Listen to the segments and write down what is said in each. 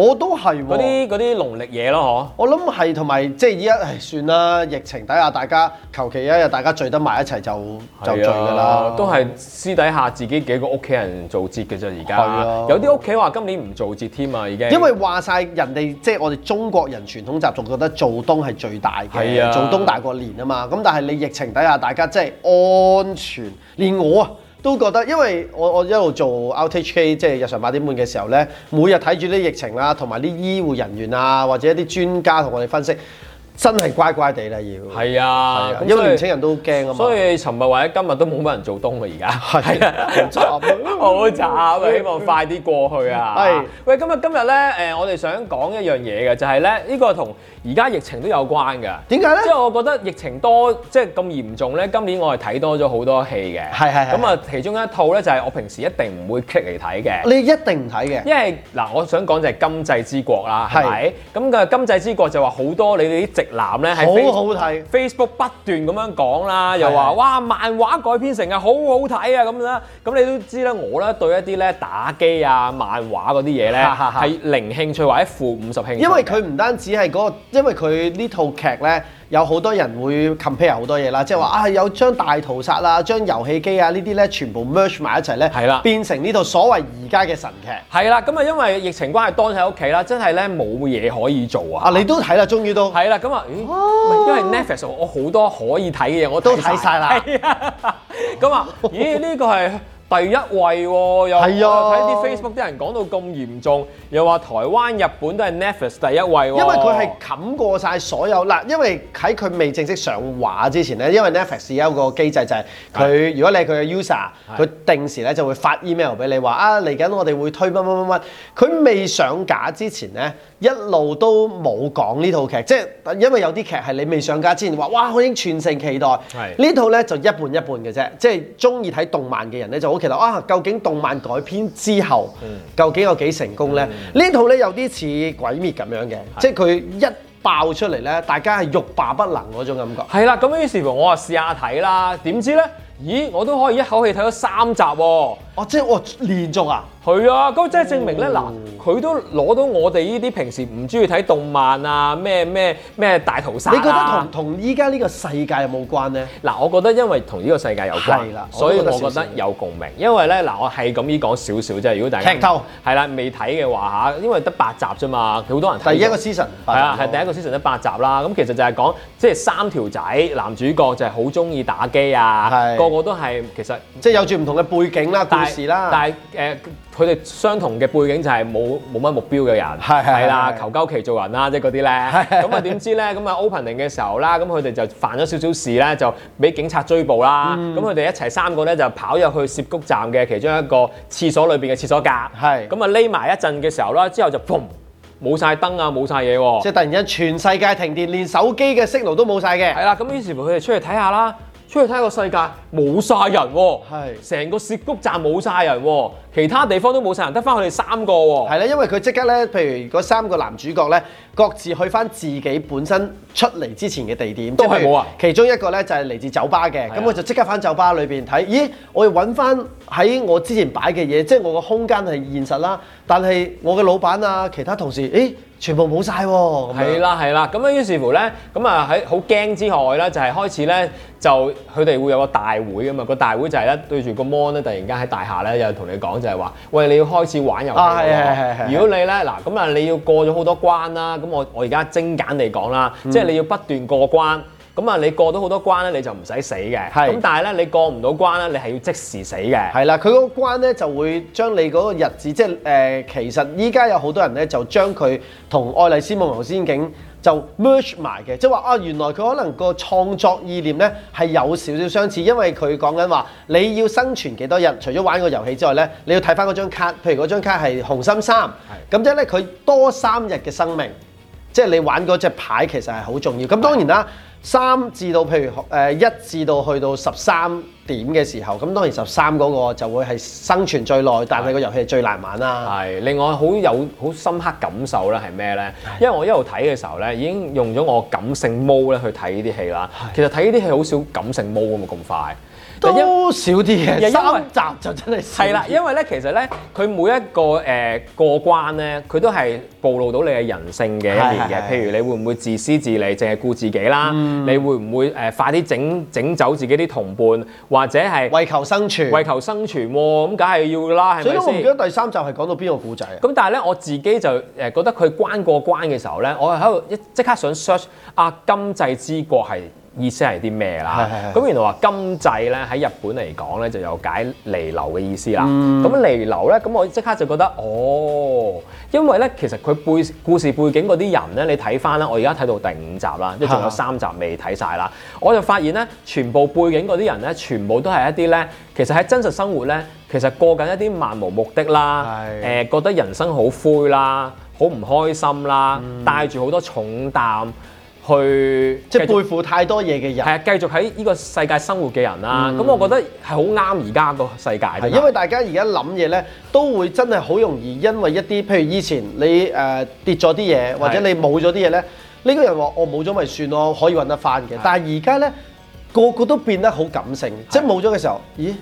我都係、啊，嗰啲啲農曆嘢咯，我諗係同埋即係依家誒算啦，疫情底下大家求其一日大家聚得埋一齊就就聚㗎啦、啊，都係私底下自己幾個屋企人做節嘅啫，而、啊、家有啲屋企話今年唔做節添啊，已經因為話晒人哋即係我哋中國人傳統習俗覺得做冬係最大嘅，啊、做冬大過年啊嘛，咁但係你疫情底下大家真係安全，連我都覺得，因為我我一路做 RTHK，即係日常八點半嘅時候咧，每日睇住啲疫情啊，同埋啲醫護人員啊，或者一啲專家同我哋分析。真係乖乖地啦，要係啊，因為年青人都驚啊嘛。所以尋日或者今日都冇乜人做東嘅，而家係啊，好慘，好慘啊！希望快啲過去啊！係喂，今日今日咧，誒，我哋想講一樣嘢嘅，就係咧，呢個同而家疫情都有關嘅。點解咧？即係我覺得疫情多，即係咁嚴重咧。今年我係睇多咗好多戲嘅，係係。咁啊，其中一套咧就係我平時一定唔會劇嚟睇嘅。你一定唔睇嘅，因為嗱，我想講就係《今際之國》啦，係咪？咁嘅《今際之國》就話好多你哋啲直。男咧係好好睇，Facebook 不斷咁樣講啦， 又話哇漫畫改編成嘅好好睇啊咁啦，咁你都知啦，我咧對一啲咧打機啊漫畫嗰啲嘢咧係零興趣或者負五十興趣，因為佢唔單止係嗰個，因為佢呢套劇咧。有好多人會 compare 好多嘢啦，即係話啊，有將大屠殺啦、將遊戲機啊呢啲咧，全部 merge 埋一齊咧，係啦，變成呢套所謂而家嘅神劇。係啦，咁啊，因為疫情關係，當喺屋企啦，真係咧冇嘢可以做啊。啊，你都睇啦，終於都係啦。咁啊，咦？因為 Netflix，我好多可以睇嘅嘢，我都睇晒啦。係咁啊，咦？呢個係。第一位喎，又係睇啲 Facebook 啲人講到咁嚴重，又話台灣、日本都係 Netflix 第一位喎。因為佢係冚過晒所有，嗱，因為喺佢未正式上畫之前咧，因為 Netflix 有一個機制就係佢，的如果你係佢嘅 user，佢定時咧就會發 email 俾你話啊，嚟緊我哋會推乜乜乜乜，佢未上架之前咧。一路都冇講呢套劇，即係因為有啲劇係你未上架之前話，哇，我已經全城期待。係呢是的 套咧就一半一半嘅啫，即係中意睇動漫嘅人咧就好期待啊。究竟動漫改編之後，嗯、究竟有幾成功咧？呢、嗯、套咧有啲似鬼滅咁樣嘅，是的 即係佢一爆出嚟咧，大家係欲罷不能嗰種感覺。係啦，咁於是乎我啊試下睇啦，點知咧？咦，我都可以一口氣睇咗三集喎、啊！即係我連續啊，係啊，咁即係證明咧嗱，佢、嗯、都攞到我哋呢啲平時唔中意睇動漫啊，咩咩咩大逃殺、啊。你覺得同同依家呢個世界有冇關咧？嗱，我覺得因為同呢個世界有關，所以我覺得有共鳴。因為咧嗱，我係咁意講少少啫。如果大家劇透係啦，未睇嘅話吓，因為得八集啫嘛，好多人睇第一個 season 係啊，係第一個 season 得八集啦。咁其實就係講即係三條仔男主角就係好中意打機啊，個個都係其實即係有住唔同嘅背景啦，但事啦，但係誒，佢哋相同嘅背景就係冇冇乜目標嘅人，係係啦，求鳩其做人啦，即係嗰啲咧。咁啊點知咧？咁啊 opening 嘅時候啦，咁佢哋就犯咗少少事咧，就俾警察追捕啦。咁佢哋一齊三個咧就跑入去涉谷站嘅其中一個廁所裏邊嘅廁所隔。係。咁啊匿埋一陣嘅時候啦，之後就砰冇曬燈啊，冇曬嘢喎。即係突然間全世界停電，連手機嘅 signal 都冇曬嘅。係啦，咁於是乎佢哋出去睇下啦。出去睇個世界，冇曬人喎、哦，係成是個涉谷站冇曬人喎、哦。其他地方都冇晒人得翻佢哋三個喎、啊。係啦，因為佢即刻咧，譬如嗰三個男主角咧，各自去翻自己本身出嚟之前嘅地點都係冇啊。其中一個咧就係、是、嚟自酒吧嘅，咁我的就即刻翻酒吧裏邊睇。咦，我要揾翻喺我之前擺嘅嘢，即係我個空間係現實啦。但係我嘅老闆啊，其他同事，誒全部冇晒喎。係啦，係啦。咁啊，於是，是，是乎咧，咁啊喺好驚之外咧，就係、是、開始咧就佢哋會有個大會啊嘛，個大會就係咧對住個 mon 咧，突然間喺大廈咧又同你講。就係話，喂，你要開始玩遊戲喎。啊、係、係、係、如果你咧，嗱，咁啊，你要過咗好多關啦。咁我我而家精簡地講啦，嗯、即係你要不斷過關。咁啊，你過到好多關咧，你就唔使死嘅。咁係但係咧，你過唔到關咧，你係要即時死嘅。係啦，佢嗰個關咧就會將你嗰個日子，即係誒、呃，其實依家有好多人咧就將佢同《愛麗絲夢遊仙境》就 merge 埋嘅，即係話啊，原來佢可能個創作意念咧係有少少相似，因為佢講緊話你要生存幾多日，除咗玩個遊戲之外咧，你要睇翻嗰張卡，譬如嗰張卡係紅心三係，咁即係咧佢多三日嘅生命，即係你玩嗰隻牌其實係好重要。咁當然啦。三至到譬如誒、呃、一至到去到十三點嘅時候，咁當然十三嗰個就會係生存最耐，但係個遊戲係最難玩啦。係，另外好有好深刻感受咧係咩咧？因為我一路睇嘅時候咧，已經用咗我感性毛咧去睇呢啲戲啦。的其實睇呢啲戲好少感性毛嘅咁快。都少啲嘅，三集就真係。係啦，因為咧，其實咧，佢每一個誒過關咧，佢都係暴露到你嘅人性嘅一面嘅。譬如你會唔會自私自利，淨係顧自己啦？你會唔會誒快啲整整走自己啲同伴，或者係為求生存？為求生存喎，咁梗係要啦，係咪先？所以我唔記得第三集係講到邊個故仔。咁但係咧，我自己就誒覺得佢關過關嘅時候咧，我係喺度一即刻想 search 阿今際之國係。意思係啲咩啦？咁的原來話今際咧喺日本嚟講咧就有解彌留嘅意思啦。咁彌留咧，咁我即刻就覺得哦，因為咧其實佢背故事背景嗰啲人咧，你睇翻啦，我而家睇到第五集啦，即仲的有三集未睇晒啦。我就發現咧，全部背景嗰啲人咧，全部都係一啲咧，其實喺真實生活咧，其實過緊一啲漫無目的啦，誒的、呃、覺得人生好灰啦，好唔開心啦，帶住好多重擔。去即係背負太多嘢嘅人，係啊，繼續喺呢個世界生活嘅人啦、啊。咁、嗯、我覺得係好啱而家個世界。因為大家而家諗嘢呢，都會真係好容易因為一啲譬如以前你誒、呃、跌咗啲嘢，或者你冇咗啲嘢呢，呢的個人話我冇咗咪算咯，可以揾得翻嘅。的但係而家呢，個個都變得好感性，的即係冇咗嘅時候，咦？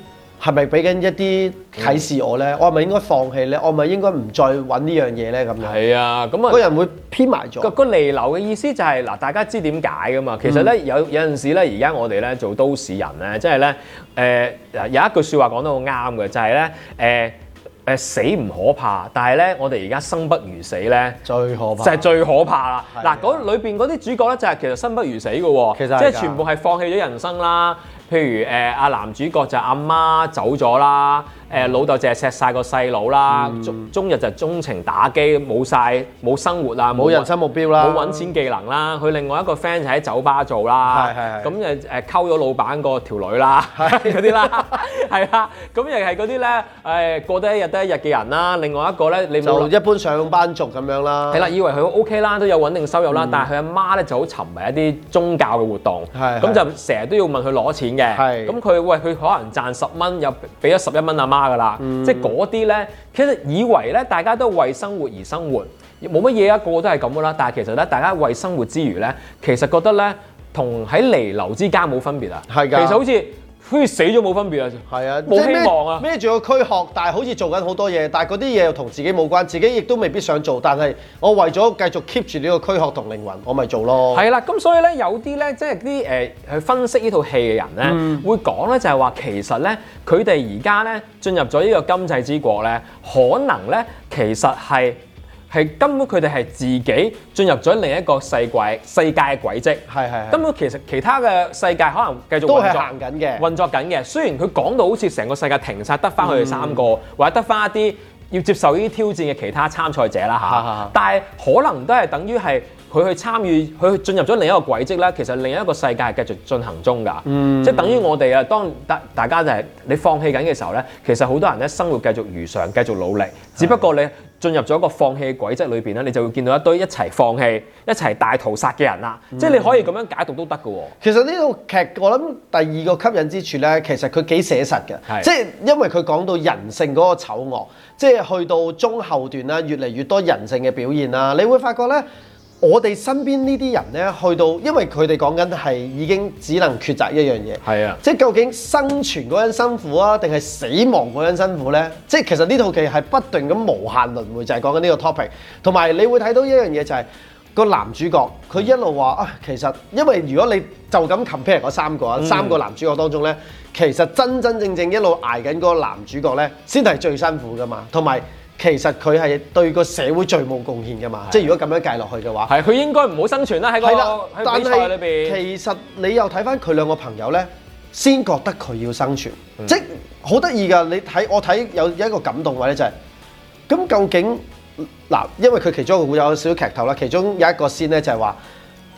係咪俾緊一啲啟示我咧？我係咪應該放棄咧？我係咪應該唔再搵呢樣嘢咧？咁樣係啊，咁、嗯、啊，嗰、嗯、人會偏埋咗。個、那個離流嘅意思就係、是、嗱，大家知點解噶嘛？其實咧，有有陣時咧，而家我哋咧做都市人咧，即係咧，誒、呃，有一句説話講得好啱嘅，就係、是、咧，誒、呃。死唔可怕，但係咧，我哋而家生不如死咧，最可怕就係最可怕啦！嗱的，嗰裏邊嗰啲主角咧，就係其實生不如死嘅喎，即係全部係放棄咗人生啦。譬如誒，阿、呃、男主角就係阿媽走咗啦。誒老豆淨係錫晒個細佬啦，中日就鍾情打機，冇晒冇生活啦，冇人生目標啦，冇揾錢技能啦。佢另外一個 friend 就喺酒吧做啦，咁誒誒溝咗老闆個條女啦，嗰啲啦，係啦，咁又係嗰啲咧誒過得一日得一日嘅人啦。另外一個咧，你就一般上班族咁樣啦。係啦，以為佢 OK 啦，都有穩定收入啦，但係佢阿媽咧就好沉迷一啲宗教嘅活動，咁就成日都要問佢攞錢嘅。係，咁佢喂佢可能賺十蚊，又俾咗十一蚊阿媽。差㗎啦，嗯、即係嗰啲咧，其實以為咧，大家都為生活而生活，冇乜嘢啊，個個都係咁㗎啦。但係其實咧，大家為生活之餘咧，其實覺得咧，同喺彌留之間冇分別啊。係㗎的，其實好似。好似死咗冇分別啊，係啊，冇希望啊，孭住個軀殼，但係好似做緊好多嘢，但係嗰啲嘢又同自己冇關，自己亦都未必想做，但係我為咗繼續 keep 住呢個軀殼同靈魂，我咪做咯。係啦、啊，咁所以咧，有啲咧，即係啲誒去分析呢套戲嘅人咧，嗯、會講咧就係話，其實咧，佢哋而家咧進入咗呢個今際之國咧，可能咧其實係。係根本佢哋係自己進入咗另一個世界。世界嘅軌跡，係係是根本其實其他嘅世界可能繼續都係行緊嘅運作緊嘅。雖然佢講到好似成個世界停曬，得翻佢哋三個，嗯、或者得翻一啲要接受呢啲挑戰嘅其他參賽者啦嚇，嗯嗯、但係可能都係等於係佢去參與佢去進入咗另一個軌跡啦。其實另一個世界繼續進行中㗎，即係、嗯、等於我哋啊，當大大家就係你放棄緊嘅時候咧，其實好多人咧生活繼續如常，繼續努力，只不過你。進入咗一個放棄嘅軌跡裏邊咧，你就會見到一堆一齊放棄、一齊大屠殺嘅人啦。嗯、即係你可以咁樣解讀都得㗎喎。其實呢套劇我諗第二個吸引之處呢，其實佢幾寫實嘅，是即係因為佢講到人性嗰個醜惡，即係去到中後段啦，越嚟越多人性嘅表現啦，你會發覺呢。我哋身邊呢啲人呢，去到因為佢哋講緊係已經只能抉擇一樣嘢，係啊，即係究竟生存嗰陣辛苦啊，定係死亡嗰陣辛苦呢？即係其實呢套劇係不斷咁無限輪迴，就係講緊呢個 topic。同埋你會睇到一樣嘢，就係，就、那、係個男主角，佢一路話、嗯、啊，其實因為如果你就咁 compare 嗰三個啊，嗯、三個男主角當中呢，其實真真正正，正一路捱緊嗰個男主角呢，先係最辛苦噶嘛，同埋。其實佢係對個社會最冇貢獻嘅嘛，即係的如果咁樣計落去嘅話，係佢應該唔好生存啦喺、那個喺比賽裏邊。的面其實你又睇翻佢兩個朋友咧，先覺得佢要生存，嗯、即好得意㗎。你睇我睇有一個感動位咧就係、是，咁究竟嗱，因為佢其中一個會有少少劇頭啦，其中有一個先咧就係話，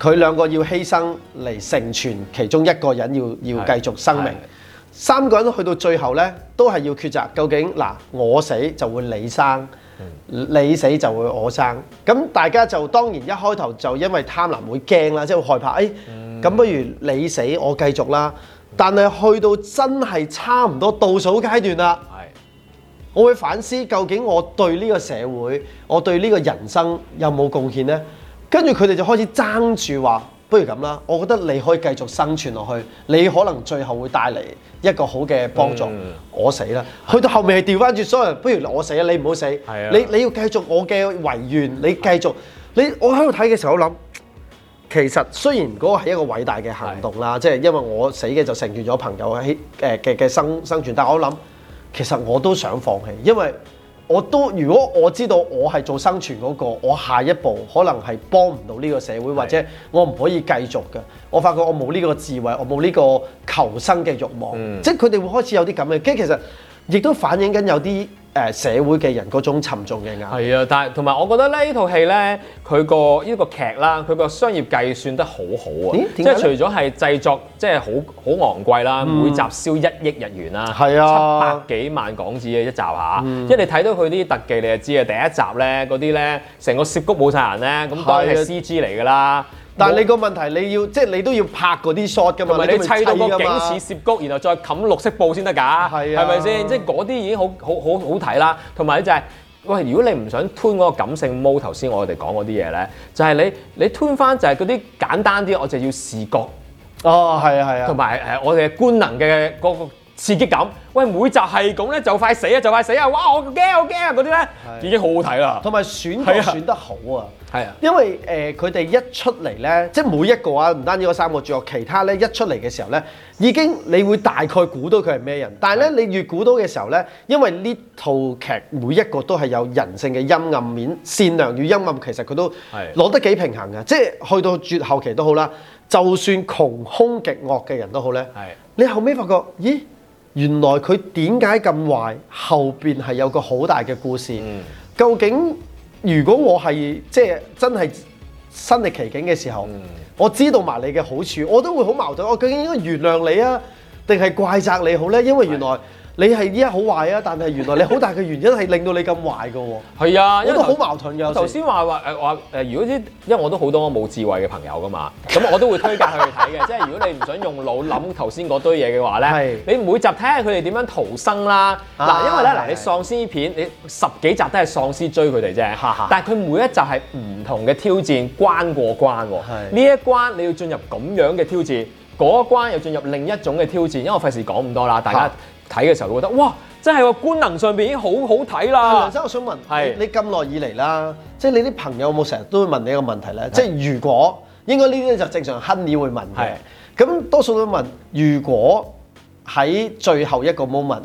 佢兩個要犧牲嚟成全其中一個人要要繼續生命。的三個人去到最後呢，都係要抉擇，究竟嗱，我死就會你生，嗯、你死就會我生。咁大家就當然一開頭就因為貪婪會驚啦，即係會害怕。誒，咁、哎、不如你死我繼續啦。但係去到真係差唔多倒數階段啦，我會反思究竟我對呢個社會，我對呢個人生有冇貢獻呢？跟住佢哋就開始爭住話。不如咁啦，我覺得你可以繼續生存落去，你可能最後會帶嚟一個好嘅幫助。嗯、我死啦，的去到後面係調翻住。所以不如我死啊！你唔好死，的你你要繼續我嘅遺願，你繼續。的你我喺度睇嘅時候我，我諗其實雖然嗰個係一個偉大嘅行動啦，的即係因為我死嘅就成全咗朋友喺誒嘅嘅生生存。但係我諗其實我都想放棄，因為。我都如果我知道我係做生存嗰個，我下一步可能係幫唔到呢個社會或者我唔可以繼續嘅。我發覺我冇呢個智慧，我冇呢個求生嘅慾望，嗯、即係佢哋會開始有啲咁嘅。跟其實。亦都反映緊有啲誒社會嘅人嗰種沉重嘅壓力。係啊，但係同埋我覺得咧呢套戲咧，佢、呢個呢個劇啦，佢個商業計算得好好啊。即係除咗係製作，即係好好昂貴啦，嗯、每集燒一億日元啦，的七百幾萬港紙嘅一集嚇。即係、嗯、你睇到佢啲特技，你就知啊。第一集咧，嗰啲咧，成個涉谷冇晒人咧，咁當然係 C G 嚟㗎啦。但係你個問題，你要即係你都要拍嗰啲 shot 㗎嘛，你砌到個景似山谷，然後再冚綠色布先得㗎，係咪先？即係嗰啲已經好好好好睇啦。同埋就係、是，喂，如果你唔想吞嗰個感性毛，頭先我哋講嗰啲嘢咧，就係、是、你你吞翻就係嗰啲簡單啲，我就要視覺。哦，係啊，係啊。同埋誒，我哋嘅官能嘅嗰、那個，刺激感，喂！每集係咁咧，就快死啊，就快死啊！哇，我驚，我驚啊！嗰啲咧已經好好睇啦，同埋選角選得好啊，係啊的，因為誒佢哋一出嚟咧，即係每一個啊，唔單止嗰三個主角，其他咧一出嚟嘅時候咧，已經你會大概估到佢係咩人，但係咧的你越估到嘅時候咧，因為呢套劇每一個都係有人性嘅陰暗面，善良與陰暗其實佢都攞的得幾平衡嘅，即係去到絕後期都好啦，就算窮兇極惡嘅人都好咧，係的的你後尾發覺，咦？原來佢點解咁壞？後邊係有個好大嘅故事。嗯、究竟如果我係即係真係身歷其境嘅時候，嗯、我知道埋你嘅好處，我都會好矛盾。我究竟應該原諒你啊，定係怪責你好呢？因為原來。你係依家好壞啊，但係原來你好大嘅原因係令到你咁壞嘅喎。係啊，因為好矛盾嘅。頭先話話誒話誒，如果啲因為我都好多冇智慧嘅朋友噶嘛，咁我都會推介佢哋睇嘅。 即係如果你唔想用腦諗頭先嗰堆嘢嘅話咧，是你每集睇下佢哋點樣逃生啦。嗱、啊，因為咧嗱，是是你喪屍片你十幾集都係喪屍追佢哋啫，是是但係佢每一集係唔同嘅挑戰關過關喎。呢是一關你要進入咁樣嘅挑戰，嗰一關又進入另一種嘅挑戰。因為我費事講咁多啦，大家。睇嘅時候，你覺得哇，真係個官能上邊已經好好睇啦。梁、嗯、我想問，你咁耐以嚟啦，即係你啲朋友有冇成日都會問你一個問題咧？是的 即係如果應該呢啲就正常 Henny 會問嘅。咁是的 多數都問，如果喺最後一個 moment，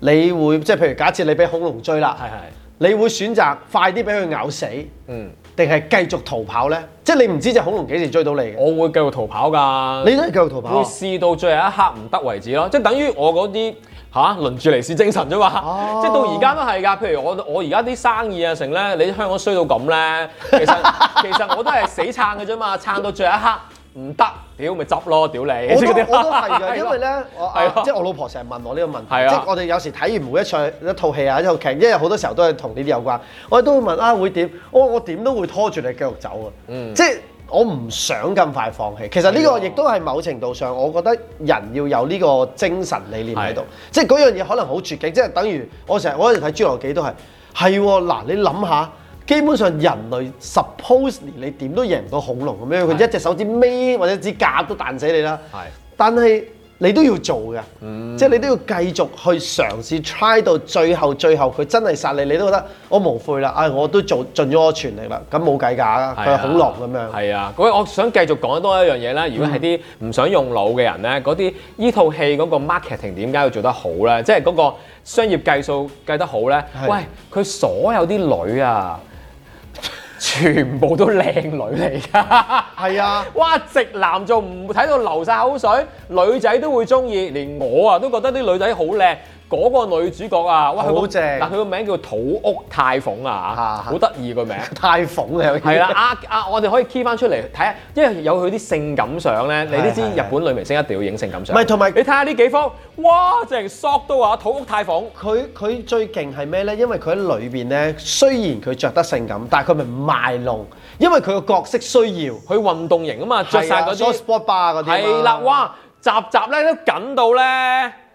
你會即係譬如假設你俾恐龍追啦，係係，你會選擇快啲俾佢咬死，嗯，定係繼續逃跑咧？即係你唔知隻恐龍幾時追到你嘅？我會繼續逃跑㗎。你都係繼續逃跑。會試到最後一刻唔得為止咯。即係等於我嗰啲。嚇、啊，輪住嚟是精神啫嘛，啊、即係到而家都係㗎。譬如我我而家啲生意啊，成咧，你香港衰到咁咧，其實其實我都係死撐嘅啫嘛，撐到最後一刻唔得，屌咪執咯，屌你我。我都 我都係㗎，因為咧，我即係我老婆成日問我呢個問題，即係我哋有時睇完每一場一套戲啊，一套劇，因為好多時候都係同呢啲有關，我哋都會問啊：啊「會點？我我點都會拖住你繼續走㗎，嗯、即係。我唔想咁快放棄。其實呢個亦都係某程度上，我覺得人要有呢個精神理念喺度是的，即係嗰樣嘢可能好絕極，即係等於我成日我一直睇侏羅紀都係係嗱，你諗下，基本上人類 suppose 連你點都贏唔到恐龍咁樣，佢一隻手指尾或者指甲都彈死你啦。係是的，但係。你都要做嘅，嗯，即係你都要繼續去嘗試 try 到最後，最後佢真係殺你，你都覺得我無悔啦、哎！我都做盡咗我全力啦，咁冇計㗎，佢係好樂咁樣。係啊，咁我想繼續講多一樣嘢啦。如果係啲唔想用腦嘅人咧，嗰啲依套戲嗰個 marketing 點解要做得好呢？即係嗰個商業計數計得好呢？喂，佢所有啲女啊全部都靚女嚟㗎，係啊！哇，直男仲唔睇到流晒口水，女仔都會鍾意，連我啊都覺得啲女仔好靚。嗰個女主角啊，哇！好正！但佢個名叫土屋太鳳啊，好得意個名。太鳳係啦，啊啊！我哋可以 keep 翻出嚟睇下，因為有佢啲性感相咧。你都知日本女明星一定要影性感相。唔係同埋你睇下呢幾幅，哇！成 shot 都話土屋太鳳。佢佢最勁係咩咧？因為佢喺裏邊咧，雖然佢着得性感，但係佢咪賣弄，因為佢個角色需要佢運動型啊嘛，着晒嗰啲 sport bra 嗰啲啊。係啦，啊哇！集集咧都緊到咧。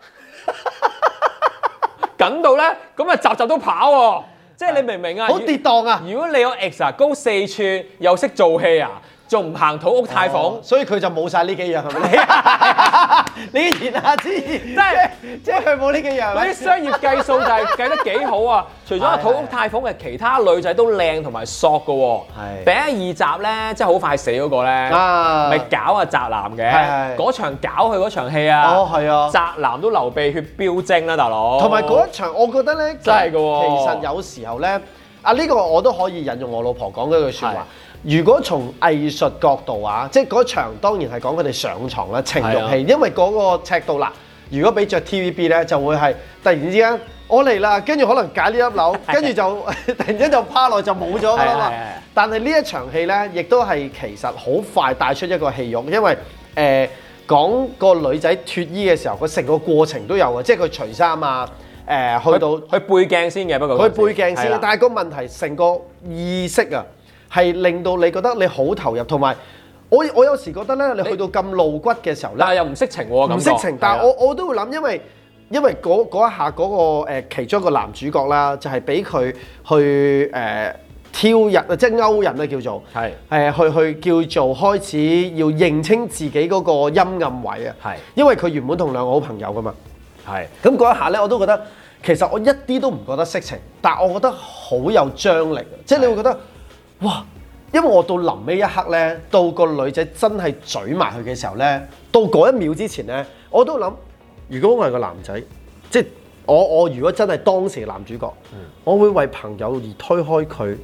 緊到呢，咁啊集集都跑喎，即係你明唔明啊？的若好跌宕啊！如果你有 X 啊，高四寸又識做戲啊！仲唔行土屋太鳳，所以佢就冇晒呢幾樣，係咪？你言下之意，即係即係佢冇呢幾樣。嗰啲商業計數就係計得幾好啊！除咗係土屋太鳳嘅，其他女仔都靚同埋索㗎喎。係。第一二集咧，即係好快死嗰個咧，咪搞啊？宅男嘅嗰場搞佢嗰場戲啊！哦，係啊，宅男都流鼻血飆精啦，大佬。同埋嗰一場，我覺得咧，真係嘅喎。其實有時候咧，啊呢個我都可以引用我老婆講嗰句説話。如果從藝術角度啊，即係嗰場當然係講佢哋上床啦，情欲戲，啊、因為嗰個尺度啦。如果俾着 TVB 咧，就會係突然之間我嚟啦，跟住可能解呢粒樓，跟住 就突然之間就趴落就冇咗啦。但係呢一場戲咧，亦都係其實好快帶出一個戲肉，因為誒、呃、講個女仔脱衣嘅時候，佢成個過程都有啊，即係佢除衫啊，誒去到去背鏡先嘅不過，佢背鏡先，啊、但係個問題成個意識啊。係令到你覺得你好投入，同埋我我有時覺得咧，你去到咁露骨嘅時候，但又唔色情喎，唔色情。但係我我都會諗，因為因為嗰一下嗰個誒其中一個男主角啦，就係俾佢去誒挑人，即係勾人啦，叫做係誒去去叫做開始要認清自己嗰個陰暗位啊。係因為佢原本同兩個好朋友噶嘛。係咁嗰一下咧，我都覺得其實我一啲都唔覺得色情，但係我覺得好有張力，即係你會覺得。哇！因為我到臨尾一刻咧，到個女仔真係嘴埋佢嘅時候咧，到嗰一秒之前咧，我都諗，如果我係個男仔，即係我我如果真係當時男主角，我會為朋友而推開佢，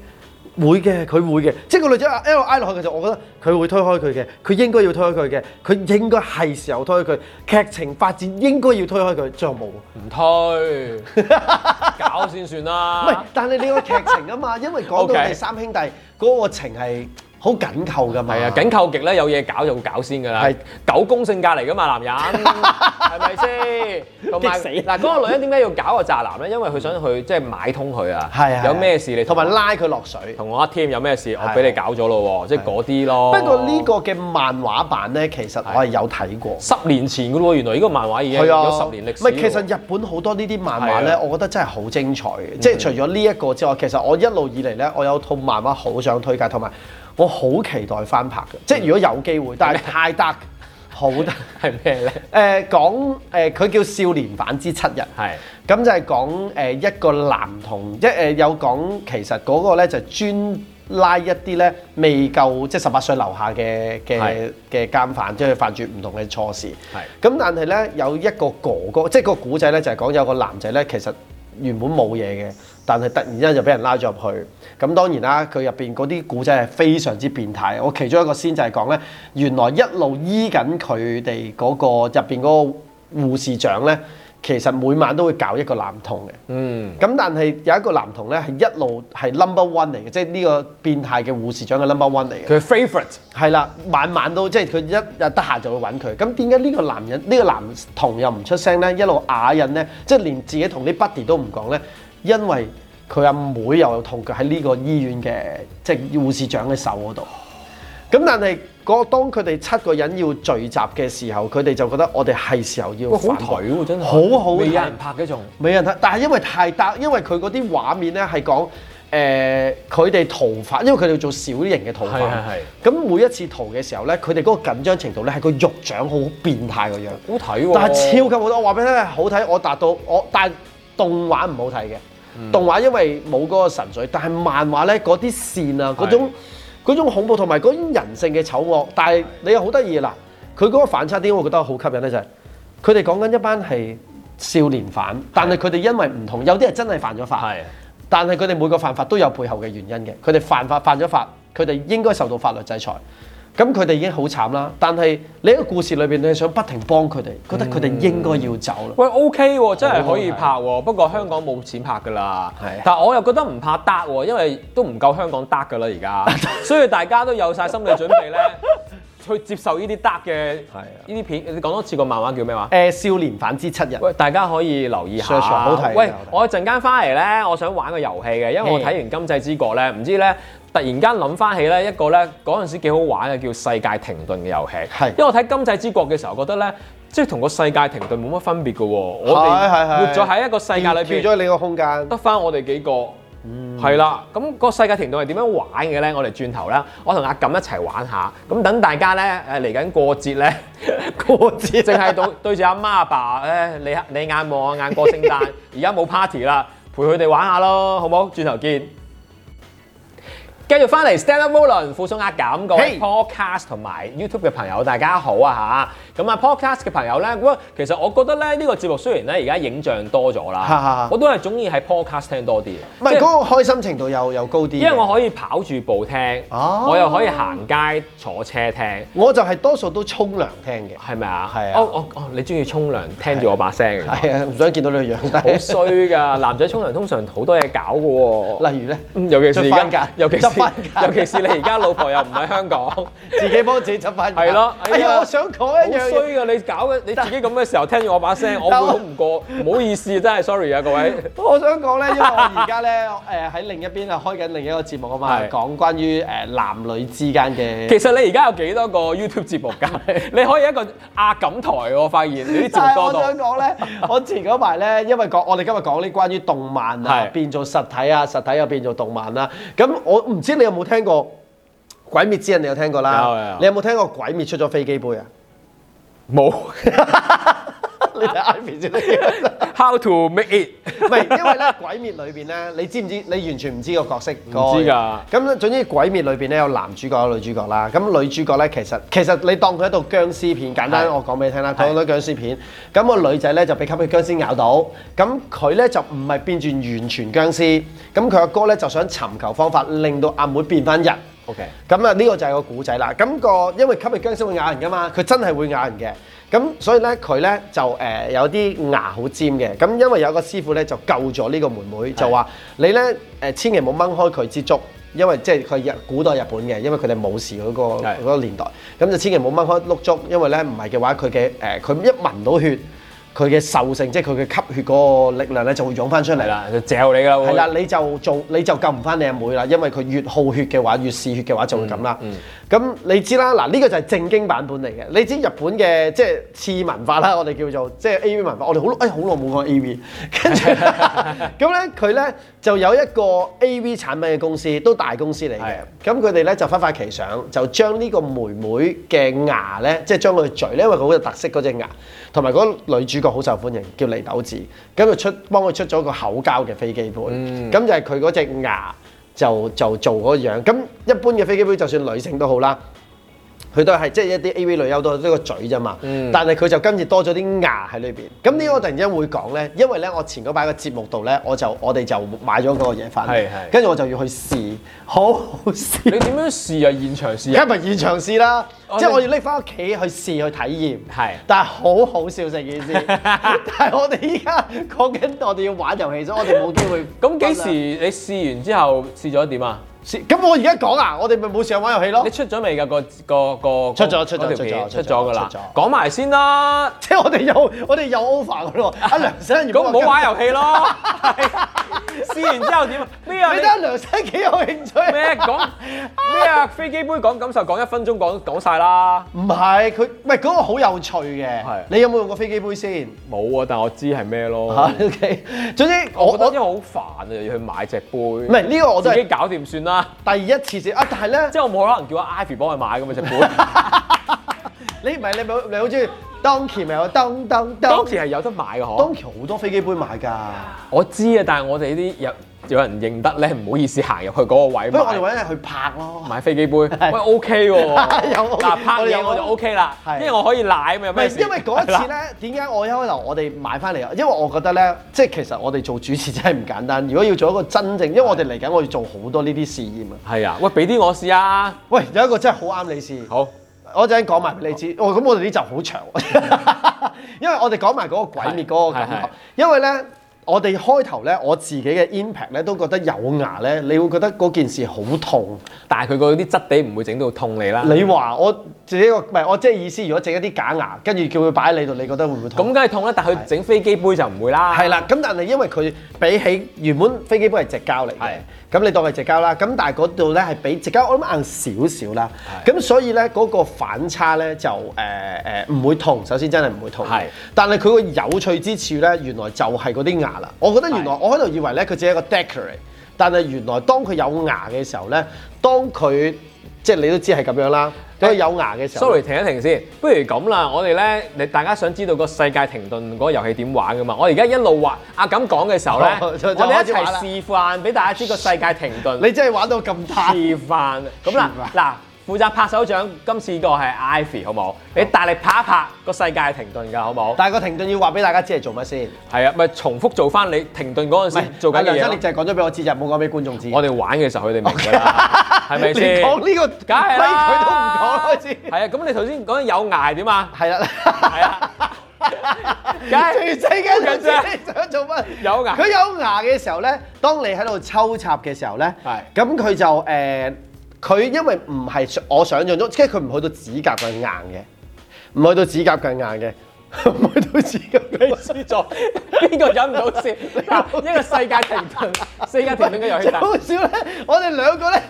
會嘅，佢會嘅，即係個女仔啊 L I 落去嘅時候，我覺得佢會推開佢嘅，佢應該要推開佢嘅，佢應該係時候推開佢，劇情發展應該要推開佢，最後冇唔推， 搞先算啦。唔係，但係你個劇情啊嘛，因為講到我哋三兄弟。Okay. 嗰個情係，好緊扣㗎嘛，係啊，緊扣極咧，有嘢搞就會搞先㗎啦。係狗公性格嚟㗎嘛，男人係咪先？激死啦！嗰個女人點解要搞個宅男咧？因為佢想去即係買通佢啊，有咩事你同埋拉佢落水。同我一 Team 有咩事，我俾你搞咗咯喎，即係嗰啲咯。不過呢個嘅漫畫版咧，其實我係有睇過。十年前㗎咯喎，原來呢個漫畫已經有十年歷史。唔係，其實日本好多呢啲漫畫咧，我覺得真係好精彩嘅。即係除咗呢一個之外，其實我一路以嚟咧，我有套漫畫好想推介，同埋。我好期待翻拍嘅。即係如果有機會，但係太 dark d， 好 dark，a 係咩咧？誒講誒，佢、呃、叫少年犯之七日，係咁是、嗯、就係講誒一個男童，一誒、呃、有講其實嗰個咧就專、是、拉一啲咧未夠即係十八歲樓下嘅嘅嘅監犯，即係犯住唔同嘅錯事，係咁是但係咧有一個哥哥，即係個古仔咧就係、是、講有個男仔咧，其實原本冇嘢嘅。但係突然之間就俾人拉咗入去咁，當然啦，佢入邊嗰啲古仔係非常之變態。我其中一個先就係講咧，原來一路醫緊佢哋嗰個入邊嗰個護士長咧，其實每晚都會搞一個男童嘅。嗯，咁但係有一個男童咧，係一路係 number one 嚟嘅，即係呢個變態嘅護士長嘅 number one 嚟嘅，佢 favorite 係啦，晚晚都即係佢一得閒就會揾佢。咁點解呢個男人呢個男童又唔出聲咧？一路啞忍咧，即係連自己同啲 buddy 都唔講咧。因為佢阿妹，妹又有同佢喺呢個醫院嘅，即係護士長嘅手嗰度。咁、哦、但係嗰當佢哋七個人要聚集嘅時候，佢哋就覺得我哋係時候要反台喎！真係好好有人拍嘅仲未有人拍，但係因為太大，因為佢嗰啲畫面咧係講誒佢哋逃犯，因為佢哋做小型嘅逃犯。係咁每一次逃嘅時候咧，佢哋嗰個緊張程度咧係個肉掌好變態個樣。好睇、哦、但係超級好睇，我話俾你聽，好睇我達到我，我，但係動畫唔好睇嘅。動畫因為冇嗰個神髓，但係漫畫咧嗰啲線啊，嗰種，的嗰種恐怖同埋嗰種人性嘅醜惡，但係的你又好得意啦！佢嗰個反差點，我覺得好吸引咧，就係佢哋講緊一班係少年犯，但係佢哋因為唔同，有啲係真係犯咗法，的但係佢哋每個犯法都有背後嘅原因嘅，佢哋犯法犯咗法，佢哋應該受到法律制裁。咁佢哋已經好慘啦，但係你喺個故事裏邊，你係想不停幫佢哋，覺得佢哋應該要走啦、嗯。喂，OK 喎、啊，真係可以拍喎、啊，好不過香港冇錢拍噶啦。係的，但係我又覺得唔怕 dark 喎，因為都唔夠香港 dark 噶啦而家， 所以大家都有晒心理準備咧， 去接受呢啲 dark 嘅呢啲片。你講多次個漫畫叫咩話？誒，呃《少年反之七日》。喂，大家可以留意下，好睇。喂，我一陣間翻嚟咧，我想玩個遊戲嘅，因為我睇完《今際之國》咧，唔知咧。突然間諗翻起咧，一個咧，嗰陣時幾好玩嘅，叫世界停頓嘅遊戲，係的因為我睇《今際之國》嘅時候覺得咧，即係同個世界停頓冇乜分別嘅喎。我哋活咗喺一個世界裏邊，變咗你個空間，得翻我哋幾個，係啦。咁個世界停頓係點樣玩嘅咧？我哋轉頭啦，我同阿錦一齊玩下。咁等大家咧，誒嚟緊過節咧，過節淨係 對對住阿媽阿爸誒，你你眼望我眼過聖誕，而家冇 party 啦，陪佢哋玩下咯，好冇？轉頭見。繼續翻嚟 Stella Moon，附送壓感嘅 Podcast 同埋 YouTube 嘅朋友，大家好啊嚇！咁啊 Podcast 嘅朋友咧，其實我覺得咧呢個節目雖然咧而家影像多咗啦，我都係中意喺 Podcast 聽多啲。唔係嗰個開心程度又又高啲，因為我可以跑住步聽，我又可以行街坐車聽。我就係多數都沖涼聽嘅，係咪啊？係哦哦哦，你中意沖涼聽住我把聲嘅，係啊，唔想見到你個樣，好衰㗎，男仔沖涼通常好多嘢搞嘅喎，例如咧，尤其是而家，尤其尤其是你而家老婆又唔喺香港，自己幫自己執返。係咯，係啊，我想講一樣。好衰㗎，你搞嘅你自己咁嘅時候，聽住我把聲，我都唔過，唔好意思，真係 sorry 啊，各位。我想講咧，因為我而家咧，誒喺另一邊啊，開緊另一個節目啊嘛，講關於誒男女之間嘅。其實你而家有幾多個 YouTube 節目㗎？你可以一個壓感台喎，我發現你啲節目多到。係，我想講咧，我前嗰排咧，因為講我哋今日講呢關於動漫啊，變做實體啊，實體又變做動漫啦。咁我唔知你有冇聽過鬼滅之刃？你有聽過啦。Yeah, yeah. 你有冇聽過鬼滅出咗飛機杯啊？冇。沒有笑 你睇《Avengers How to Make It》係，因為咧《鬼滅》裏邊咧，你知唔知？你完全唔知個角色。我知㗎。咁總之《鬼滅裡面呢》裏邊咧有男主角、有女主角啦。咁女主角咧其實其實你當佢一套殭屍片，簡單我講俾你聽啦，講好多殭屍片。咁是個女仔咧就俾吸血殭屍咬到，咁佢咧就唔係變轉完全殭屍。咁佢阿哥咧就想尋求方法令到阿妹變翻人。OK，咁啊呢個就係個古仔啦。咁個因為吸血殭屍會咬人噶嘛，佢真係會咬人嘅。咁所以咧，佢咧就誒有啲牙好尖嘅。咁因為有個師傅咧就救咗呢個妹妹，就話你咧誒，千祈唔好掹開佢支竹，因為即係佢日古代日本嘅，因為佢哋武士嗰個嗰個年代。咁就千祈唔好掹開碌竹，因為咧唔係嘅話，佢嘅誒佢一聞到血。佢嘅獸性，即係佢嘅吸血嗰個力量咧，就會湧翻出嚟啦，就嚼你㗎喎。係啦，你就做，你就救唔翻你阿妹啦，因為佢越耗血嘅話，越嗜血嘅話就會咁啦。嗯嗯。咁你知啦，嗱、這、呢個就係正經版本嚟嘅。你知日本嘅即係次文化啦，我哋叫做即係 AV 文化。我哋好哎好耐冇講 AV，跟住咁咧佢咧就有一個 AV 產品嘅公司，都大公司嚟嘅。咁佢哋咧就忽發奇想，就將呢個妹妹嘅牙咧，即係將佢嘴咧，因為佢好有特色嗰隻牙，同埋嗰女主角好受歡迎，叫禰豆子。咁佢出幫佢出咗個口交嘅飛機杯，咁、嗯、就係佢嗰隻牙。就就做嗰樣，咁一般嘅飛機杯就算女性都好啦。佢都係即係一啲 AV 女優都係得個嘴啫嘛，嗯、但係佢就跟住多咗啲牙喺裏邊。咁呢個我突然之間會講咧，因為咧我前嗰排個節目度咧，我就我哋就買咗個嘢翻嚟，跟住是我就要去試，好好笑。你點樣試啊？現場試、啊？梗係唔係現場試啦、啊？即係我要拎翻屋企去試去體驗。係的，但係好好笑成件事。 但係我哋依家講緊，我哋要玩遊戲，所以我哋冇機會。咁幾時你試完之後試咗點啊？咁我而家講啊，我哋咪冇時間玩遊戲咯。你出咗未㗎？個個個出咗出咗條片，出咗㗎啦。講埋先啦， 即係我哋有我哋有 offer 㗎咯。阿梁生，如果唔好玩遊戲咯。 試完之後點啊？咩啊？你得梁生幾有興趣咩講？咩啊？飛機杯講感受講一分鐘講講晒啦。唔係，佢唔係嗰個好有趣嘅。係的。你有冇用過飛機杯先？冇啊，但我知係咩咯。OK 總之我我覺得好煩啊，要去買隻杯。唔係呢個我自己搞掂算啦。第一次試啊，但係咧，即係我冇可能叫阿 Ivy 幫佢買咁嘅隻杯。 你唔係你好你好中意 Donkey 咪？有咚咚咚。Donkey 係有得買嘅嗬，Donkey 好多飛機杯買㗎。我知啊，但係我哋呢啲有有人認得咧，唔好意思行入去嗰個位。不如我哋揾日去拍咯。買飛機杯。喂，OK 喎。有拍嘢我就 OK 啦，因為我可以賴咪咩事。唔係因為嗰一次咧，點解我一來我哋買翻嚟啊？因為我覺得咧，即係其實我哋做主持真係唔簡單。如果要做一個真正，因為我哋嚟緊我要做好多呢啲試驗啊。係啊，喂，俾啲我試啊。喂，有一個真係好啱你試。好。我陣講埋你知， 哦咁我哋啲就好長， 因為我哋講埋嗰個鬼滅嗰個感覺。因為咧，我哋開頭咧我自己嘅 impact 咧都覺得有牙咧，你會覺得嗰件事好痛。但係佢嗰啲質地唔會整到痛你啦。你話我自己個唔係我即係意思，如果整一啲假牙，跟住叫佢擺喺你度，你覺得會唔會痛？咁梗係痛啦！但係佢整飛機杯就唔會啦。係啦，咁但係因為佢比起原本飛機杯係直膠嚟嘅。咁你當係直交啦，咁但係嗰度咧係比直交我諗硬少少啦。咁是的 所以咧嗰個反差咧就誒誒唔會痛，首先真係唔會痛。是的 但係佢個有趣之處咧，原來就係嗰啲牙啦。我覺得原來是的 我喺度以為咧佢只係一個 decorate，但係原來當佢有牙嘅時候咧，當佢即係你都知係咁樣啦。佢有牙嘅時候。Sorry，停一停先，不如咁啦，我哋咧，你大家想知道個世界停頓嗰個遊戲點玩噶嘛？我而家一路話，阿噉講嘅時候咧，我哋一齊示範俾大家知個世界停頓。你真係玩到咁大。示範。咁啦，嗱，負責拍手掌今次個係 Ivy 好唔好？你大力拍一拍，個世界停頓㗎，好唔好？但係個停頓要話俾大家知係做乜先？係啊，咪重複做翻你停頓嗰陣時做緊嘢。阿楊生你就係講咗俾我知就唔好講俾觀眾知。我哋玩嘅時候佢哋明㗎啦。係咪先？講呢個梗係啦，係啊！咁、啊、你頭先講有牙點啊？係啦，梗係最緊要知你想做乜？有牙。佢有牙嘅時候咧，當你喺度抽插嘅時候咧，係咁佢就誒，佢、呃、因為唔係我想像中，即係佢唔去到指甲咁硬嘅，唔去到指甲咁硬嘅。唔好到似咁悲催咗，邊個 了 忍唔到笑？ 你 一個世界停頓，世界停頓嘅遊戲大。好笑咧，我哋兩個咧，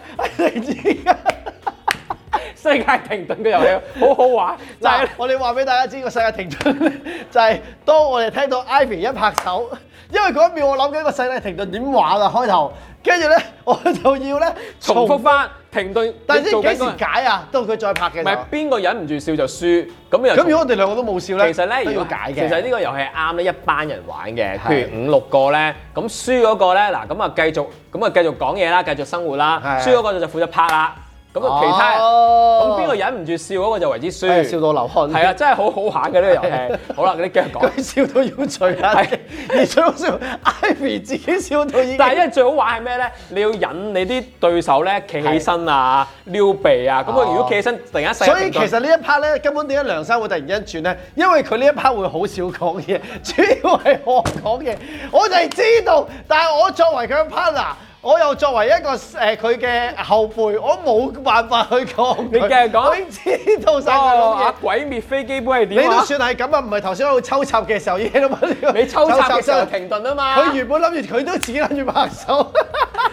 世界停頓嘅遊戲好好玩。就係我哋話俾大家知，個世界停頓咧，就係當我哋聽到 Ivy 一拍手。因為嗰一秒我諗緊個世界停頓點玩啦開頭，跟住咧我就要咧重複翻停頓，但係知幾時解啊？到佢再拍嘅。唔係邊個忍唔住笑就輸，咁又咁如果我哋兩個都冇笑咧，其實咧都要解嘅。其實呢其實個遊戲啱咧一班人玩嘅，譬如五六個咧，咁輸嗰個咧嗱，咁啊繼續咁啊繼續講嘢啦，繼續生活啦，的輸嗰個就就負責拍啦。咁啊，其他咁邊個忍唔住笑嗰個就為之輸，笑到流汗，係啊，真係好好玩嘅呢是個遊戲。好啦，嗰啲繼續講，笑到要醉啦，是而最好笑， Ivy 自己笑到，但係因為最好玩係咩咧？你要引你啲對手咧，企起身啊，是撩鼻啊，咁啊，如果企起身突然間，所以其實呢一 part 咧，根本點解梁生會突然間轉咧？因為佢呢一 part 會好少講嘢，主要係我講嘢，我就係知道，但係我作為佢嘅 partner。我又作為一個誒佢嘅後輩，我冇辦法去講佢。你繼續講。我已經知道晒佢講嘢。鬼滅飛機杯係點？你都算係咁啊，唔係頭先喺度抽插嘅時候，嘢都冇。你抽插嘅時候停頓啊嘛。佢原本諗住佢都自己諗住拍手。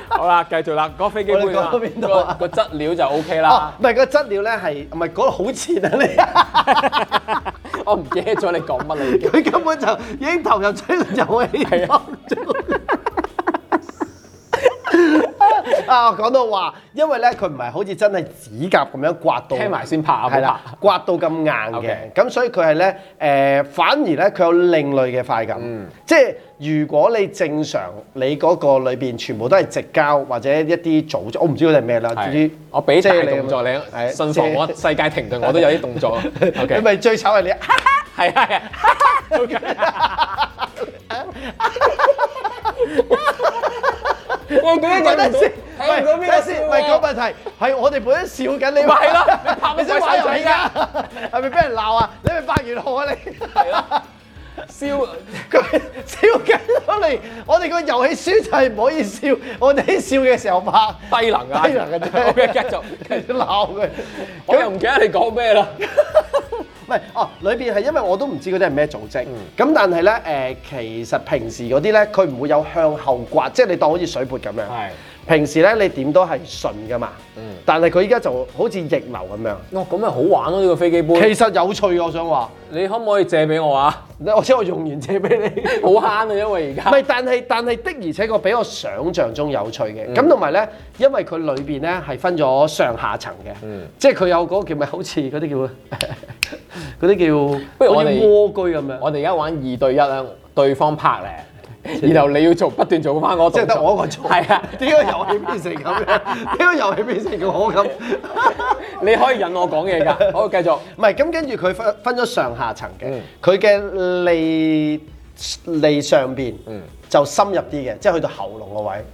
好啦，繼續啦，講飛機杯啦。你講到邊度啊？個質料就 OK 啦。唔係個質料咧係，唔係講得好賤啊你！我唔記得咗你講乜你。佢根本就應頭又吹，又起波。啊，講到話，因為咧佢唔係好似真係指甲咁樣刮到，聽埋先拍，係啦，刮到咁硬嘅，咁所以佢係咧誒，反而咧佢有另類嘅快感，即係如果你正常你嗰個裏邊全部都係直交或者一啲組裝，我唔知嗰啲係咩啦，我俾啲動作你，信奉我世界停頓，我都有啲動作，你咪最醜係你，係係。等陣先，唔係等陣先，唔係個問題係我哋本身笑緊你，係咯拍咩鬼仔㗎？係咪俾人鬧啊？你咪發完何啊你？係啦，笑佢笑緊我哋，我哋個遊戲輸就係唔可以笑，我哋笑嘅時候拍低能啊！低能嘅啫，我俾人激就鬧佢，我又唔記得你講咩啦。唔哦，裏邊係因為我都唔知嗰啲係咩組織，咁、嗯、但係咧，誒、呃，其實平時嗰啲咧，佢唔會有向後刮，即係你當好似水潑咁樣。平時咧，你點都係順噶嘛？嗯。但係佢依家就好似逆流咁樣。哦，咁咪好玩咯、啊、呢、呢個飛機杯。其實有趣，我想話，你可唔可以借俾我啊？我即係我用完借俾你，好慳啊！因為而家。唔係，但係但係的，而且確比我想象中有趣嘅。咁同埋咧，因為佢裏邊咧係分咗上下層嘅。嗯。即係佢有嗰個叫咩？好似嗰啲叫嗰啲叫， 叫不如我哋蝸居咁樣。我哋而家玩二對一咧，對方拍咧。然後你要做，不斷做翻我，即係得我一個做，係啊！點解遊戲變成咁咧？點解遊戲變成我咁？ 你可以引我講嘢㗎。好，繼續。唔係咁，跟住佢分分咗上下層嘅。佢嘅脷脷上邊就深入啲嘅，即係去到喉嚨個位。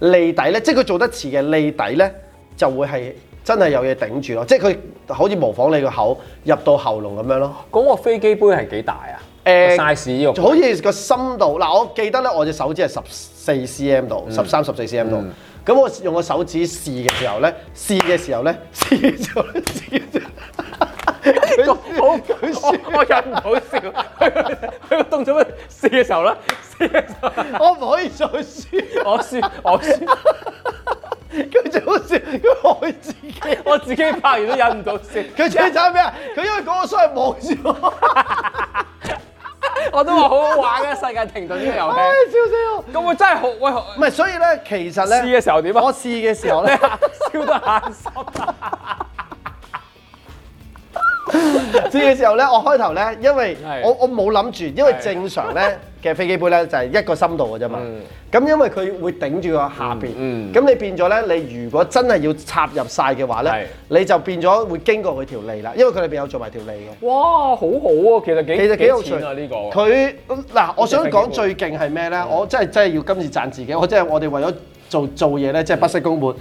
脷底咧，即係佢做得似嘅脷底咧，就會係真係有嘢頂住咯。即係佢好似模仿你個口入到喉嚨咁樣咯。嗰個飛機杯係幾大啊？誒曬使用，好似個深度嗱，我記得咧，我隻手指係十四 cm 度，十三十四 cm 度，咁我用個手指試嘅時候咧，試嘅時候咧，試咗試咗，好搞笑，我忍唔到笑，佢佢動作咩？試嘅時候咧，試嘅時候，我唔可以再試，我試我試，佢就好似，佢我自己我自己拍完都忍唔到笑，佢最慘咩？佢因為嗰個衰冇笑。我都話好好玩嘅世界停頓呢個遊戲，笑笑。咁會真係好喂，唔係。所以咧，其實咧，試嘅時候點啊？ 我試嘅時候咧，笑得嚇。試嘅時候咧，我開頭咧，因為我我冇諗住，因為正常咧。是的 嘅飛機杯咧就係一個深度嘅啫嘛，咁因為佢會頂住個下邊，咁你變咗咧，你如果真係要插入晒嘅話咧，你就變咗會經過佢條脷啦，因為佢裏邊有做埋條脷嘅。哇，好好啊，其實幾其實幾有錢啊呢個。佢嗱，我想講最勁係咩咧？我真係真係要今次讚自己，我真係我哋為咗做做嘢咧，即係不惜工本。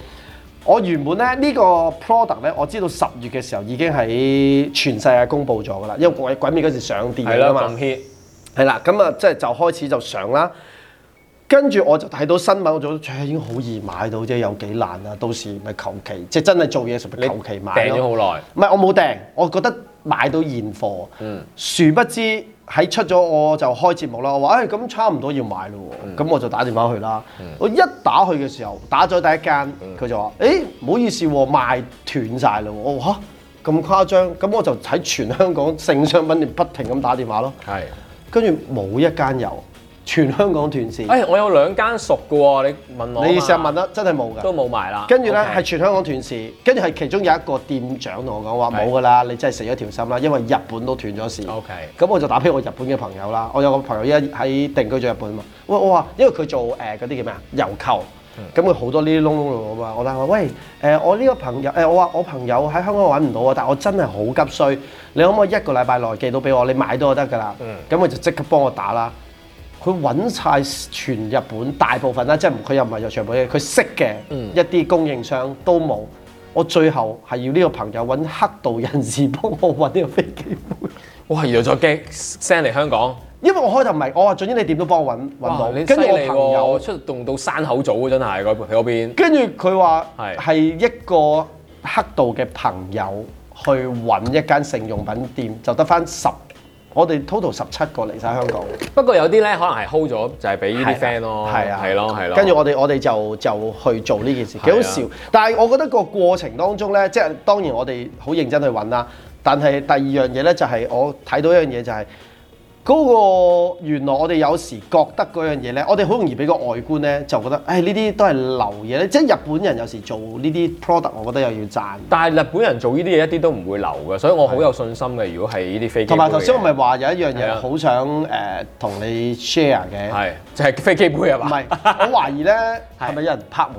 我原本咧呢個 product 咧，我知道十月嘅時候已經喺全世界公布咗噶啦，因為我鬼滅嗰時上電影嘅嘛。係啦，咁啊，即係就開始就上啦。跟住我就睇到新聞，我覺得已經好易買到，啫，有幾難啊！到時咪求其，即係真係做嘢，求其買咯。訂咗好耐，唔係我冇訂，我覺得買到現貨。嗯、殊不知喺出咗，我就開節目啦。我話：哎，咁差唔多要買啦，咁、嗯、我就打電話去啦。嗯、我一打去嘅時候，打咗第一間，佢、嗯、就話：，哎，唔好意思，賣斷晒啦！我嚇咁、啊、誇張，咁我就喺全香港性商品店不停咁打電話咯。係、嗯。跟住冇一間有，全香港斷市。哎，我有兩間熟嘅喎，你問我。你成日問得真係冇㗎。都冇埋啦。跟住咧係全香港斷市，跟住係其中有一個店長同我講，話冇㗎啦，你真係死咗條心啦，因為日本都斷咗市。OK。咁我就打俾我日本嘅朋友啦，我有個朋友依家喺定居咗日本嘛，我我話因為佢做誒嗰啲叫咩啊郵購。油咁佢好多呢啲窿窿路路啊！我話喂，誒、呃、我呢個朋友誒、呃，我話我朋友喺香港揾唔到啊，但我真係好急需，你可唔可以一個禮拜內寄到俾我？你買到就得㗎啦。咁佢就即刻幫我打啦。佢揾晒全日本大部分啦，即係佢又唔係有全部嘢，佢識嘅一啲供應商都冇。我最後係要呢個朋友揾黑道人士幫我揾呢個飛機盤。我係約咗機 send 嚟香港。因為我開頭唔係，我話俊英你點都幫我揾揾到，跟住我朋友出動到山口組真係，佢嗰邊。跟住佢話係一個黑道嘅朋友去揾一間性用品店，就得返十，我哋 total 十七個嚟晒香港。 不過有啲咧可能係 hold 咗，就係俾呢啲 friend 咯。係啊，係咯，係咯。跟住我哋我哋就就去做呢件事，幾好笑。的但係我覺得個過程當中咧，即係當然我哋好認真去揾啦。但係第二樣嘢咧、就是，就係我睇到一樣嘢就係、是。嗰個原來我哋有時覺得嗰樣嘢咧，我哋好容易畀個外觀咧，就覺得，唉呢啲都係流嘢咧。即係日本人有時做呢啲 product，我覺得又要讚。但係日本人做呢啲嘢一啲都唔會流嘅，所以我好有信心嘅。如果係呢啲飛機同埋頭先我咪話有一樣嘢好想誒同你 share 嘅，係就係飛機杯係嘛？唔係，我懷疑咧係咪有人拍門？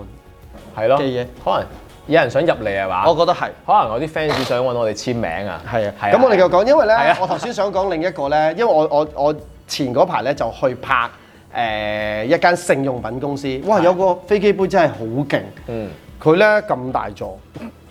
係咯嘅嘢，器可能。有人想入嚟係嘛？我覺得係，可能有我啲 fans 想揾我哋簽名啊。係啊，係、啊。咁我哋就講，因為咧，啊、我頭先想講另一個咧，因為我我我前嗰排咧就去拍誒、呃、一間性用品公司，哇！有個飛機杯真係好勁。嗯、啊。佢咧咁大座，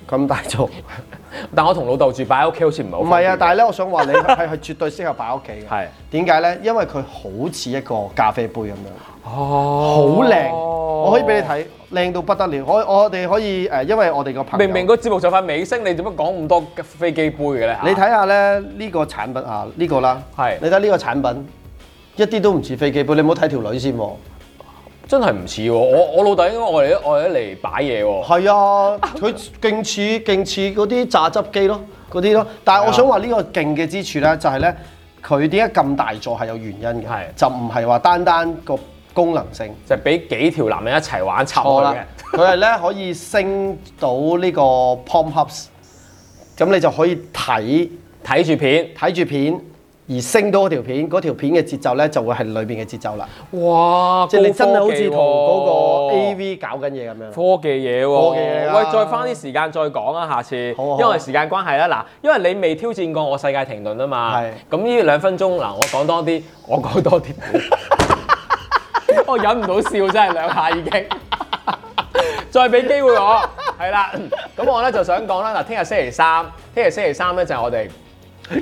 咁大座。 但我同老豆住，擺喺屋企好似唔好。唔係啊，但係咧，我想話你係係 絕對適合擺喺屋企嘅。係、啊。點解咧？因為佢好似一個咖啡杯咁樣。哦，好靚，我可以俾你睇，靚到不得了。我我哋可以誒，因為我哋個明明個節目就快尾聲，你做乜講咁多飛機杯嘅咧？你睇下咧呢個產品啊，呢、呢個啦，係是你睇呢個產品，一啲都唔似飛機杯。你唔好睇條女先喎、啊，真係唔似喎。我我老豆應該愛嚟愛嚟嚟擺嘢喎，係啊，佢勁似勁似嗰啲榨汁機咯，嗰啲咯。但係我想話呢個勁嘅之處咧、就係，就係咧，佢點解咁大座係有原因嘅，就唔係話單單個。功能性就係俾幾條男人一齊玩插我嘅，佢係咧可以升到呢個 Pornhub，咁你就可以睇睇住片，睇住片而升多條片，嗰條片嘅節奏咧就會係裏邊嘅節奏啦。哇！即係、啊、你真係好似同嗰個 AV 搞緊嘢咁樣。科技嘢喎、啊，科技嘢、啊、喂，再翻啲時間再講啦、啊，下次，好好好，因為時間關係啦，嗱，因為你未挑戰過我世界停頓啊嘛，咁呢的兩分鐘嗱，我講多啲，我講多啲。 我忍唔到笑真係兩下已經，再俾機會我，係啦。咁我咧就想講啦，嗱，聽日星期三，聽日星期三咧就係我哋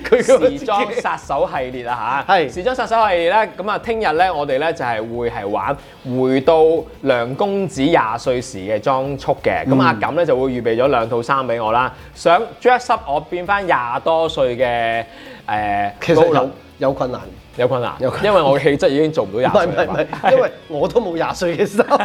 時裝殺手系列啦嚇，係時裝殺手系列咧，咁啊聽日咧我哋咧就係會係玩回到梁公子廿歲時嘅裝束嘅，咁阿錦咧就會預備咗兩套衫俾我啦，想 dress up 我變翻廿多歲嘅誒高佬。有困難，有困難，有困難。因為我嘅氣質已經做唔到廿歲。唔係唔係唔係，吧是因為我都冇廿歲嘅時候。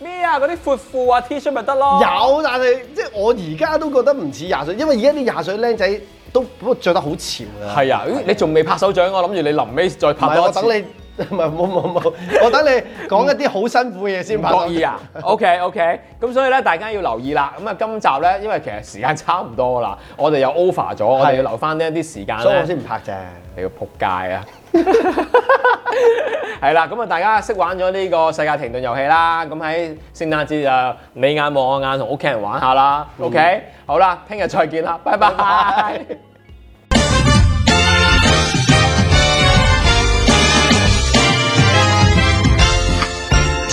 咩啊？ 嗰啲闊褲啊 T 恤咪得咯。有，但係即係我而家都覺得唔似廿歲，因為而家啲廿歲靚仔都着得好潮㗎。係啊，是你仲未拍手掌？我諗住你臨尾再拍多一唔係，冇冇冇，我等你講一啲好辛苦嘅嘢先拍。意啊 ？OK OK，咁所以咧，大家要留意啦。咁啊，今集咧，因為其實時間差唔多啦，我哋又 over 咗，的我哋要留翻一啲時間咧。所以我先唔拍啫。你要仆街啊？係啦， 咁啊，大家識玩咗呢個世界停頓遊戲啦。咁喺聖誕節就你眼望我眼，同屋企人玩下啦。嗯、OK，好啦，聽日再見啦，拜拜。